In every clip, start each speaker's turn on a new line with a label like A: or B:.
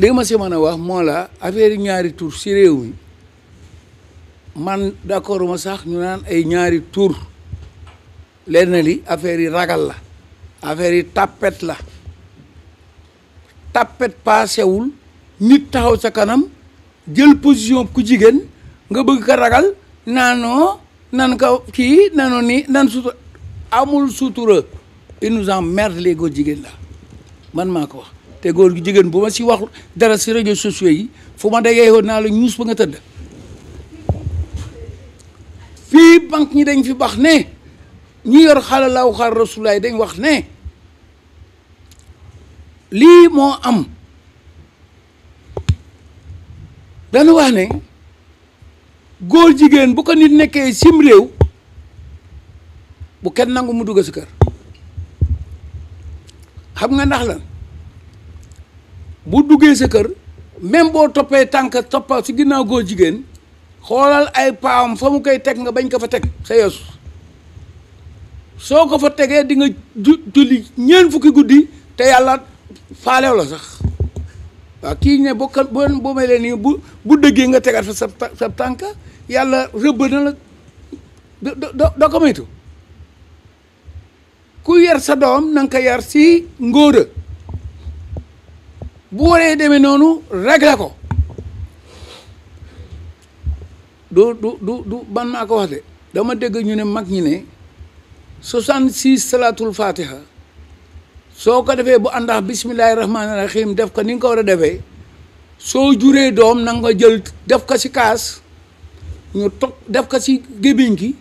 A: li ma mana mën wax mo la affaire ñaari tur ci réew mi man d' ma sax ñu naan ay ñaari tur lenn li affaire yi ragal la affaire yi tapet la tapet wul nit taxaw sa kanam jël position ku jigen nga bëgg ka ragal nano, nan ko ki, nano ni nan sutu amul sutura il nous emmerde les góor jigen la man mako wax te góor gi jigen bu ci wax dara ci radio sociaux yi fu ma degee woon naa la news ba nga teud fi bank ñi dañ fi bax ne ñi yor xala laaw xaar rasulaay dañ wax ne li mo am dañ wax ne góor jigen bu ko nit nekké sim rew bu kenn nangu mu dugg kër xam nga ndax lan bu duggee sa kër même boo toppee tànk toppa si ginnaaw góor jigéen xoolal ay paam fa mu koy teg nga bañ ko fa teg sa yeesu soo ko fa tegee di nga ju julli ñeent fukki guddi te yàlla faalew la sax waaw kii ne boo kan boo may nii bu bu dëggee nga tegaat fa sa tànk yàlla rëbb na la do doo ko moytu ku yar sa doom na yar si ngóora bu waree demee noonu réglé ko du du du du ban maa ko wax de dama dégg ñu ne mag ñi ne soixante six salaatul fatiha soo ko defee bu àndax bismillahi rahmaani rahim def ko ni ko war a defee soo juree doom na nga jël def ko si kaas ñu tog def ko si gébiñ gi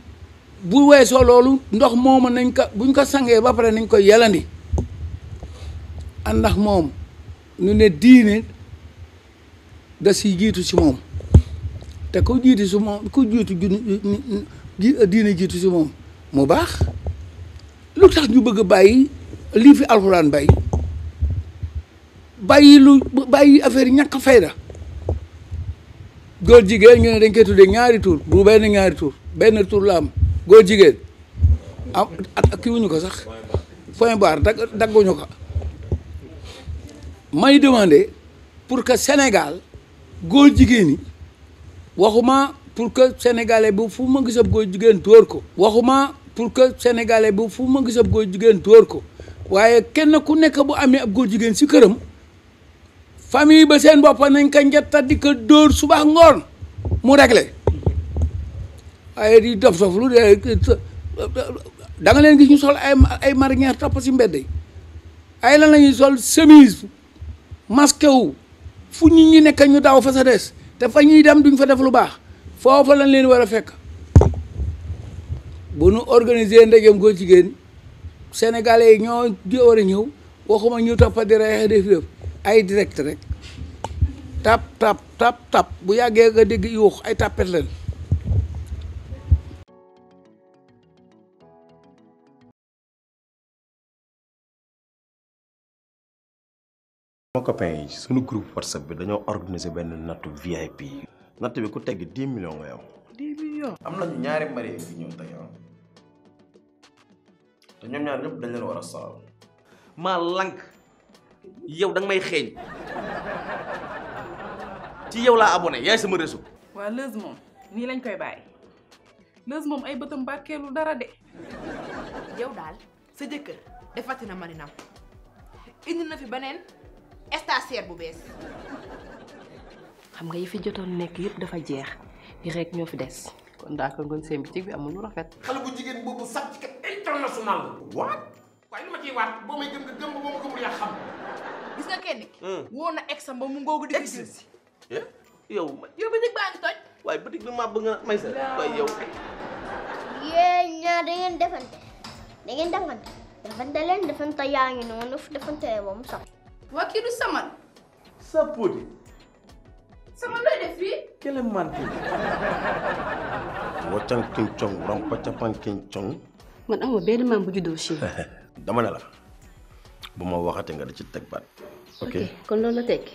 A: bu weesoo loolu ndox mooma nañ ko buñ ko sangee ba pare nañ koy yelandi àndax moom ñu ne diine da si jiitu si moom te ku jiitu si moom ku jiitu diine jiitu si moom mu baax lu tax ñu bëgg bàyyi lii fi alxuraan bàyyi bàyyi lu bàyyi affaire ñàkk fayda góor jigéen ñu ne dañ koy tuddee ñaari tur bu benn ñaari tur benn tur la am góor jigéen am kiwuñu ko sax point barre dagguñu ko may demandé pour que Sénégal gol jigéni waxuma pour que sénégalais bu fu ma gisab góor jigéen tóor ko waxuma pour que sénégalais bu fu ma gisab góor jigéen tóor ko waye kenn ku nek bu amé ab gol jigéne ci kërëm famille ba sen bop nañ ko njetta di ko dóor suba ngor mu réglé waaye di dof dof lu da nga len gis ñu sol ay ay marinière top ci mbéddé ay lan lañuy sol chemise masqué wu fu ñu ñu nekk ñu daaw fa sa des te fa ñuy dem duñ fa def lu baax foofa lañ leen war a fekk bu nu organiser ndajeem góor jigéen sénégalais ñoo ñoo war a ñëw waxuma ñu toppa di reexe def yëpp ay direct rek tap tap tap bu yàggee nga dégg yuux ay tapet leen sama copain ci sunu groupe whatsapp bi dañoo organiser ben nattu vip natt bi ku tegg 10 millions nga yow 10 millions amna ñu ñaari mari yi ñëw tay ah te ñom ñaar ñep dañ leen wara saw ma lank yow dang may xéñ ci yow la abonné yaay sama réseau wa lëz mom ni lañ koy bàyyi lëz mom ay bëttam barké lu dara dé yow dal sa jëkkeur defati na marina indi na fi beneen estasier bu Bes. xam nga yifi jotone nek nekk dafa jeex yi rek ñoo fi des kon daa ko ngoon seen ci bi amul lu rafet. xala bu jigéen boobu sàcc kat international what way luma ci wat bo may gëm nga gëm bo boo ma gëmul ya xam. gis nga kenn ki. Hmm. woo na exam ba mu ngoogu di. gis si eh? yow ma yow bitig baa ngi toj. bu dig bi ma bëgg na may sa way yow. ye ñaar da ngeen defante da ngeen defante defante len defante yaangi nonu defante boobu sax wakiilu saman sappude saman loy def fii kele manti waccan kincong rompa capan kincong man amu benn maam bu juddoo si dama ne la bu ma waxate nga da ci teg baat ok kon loolu la tekki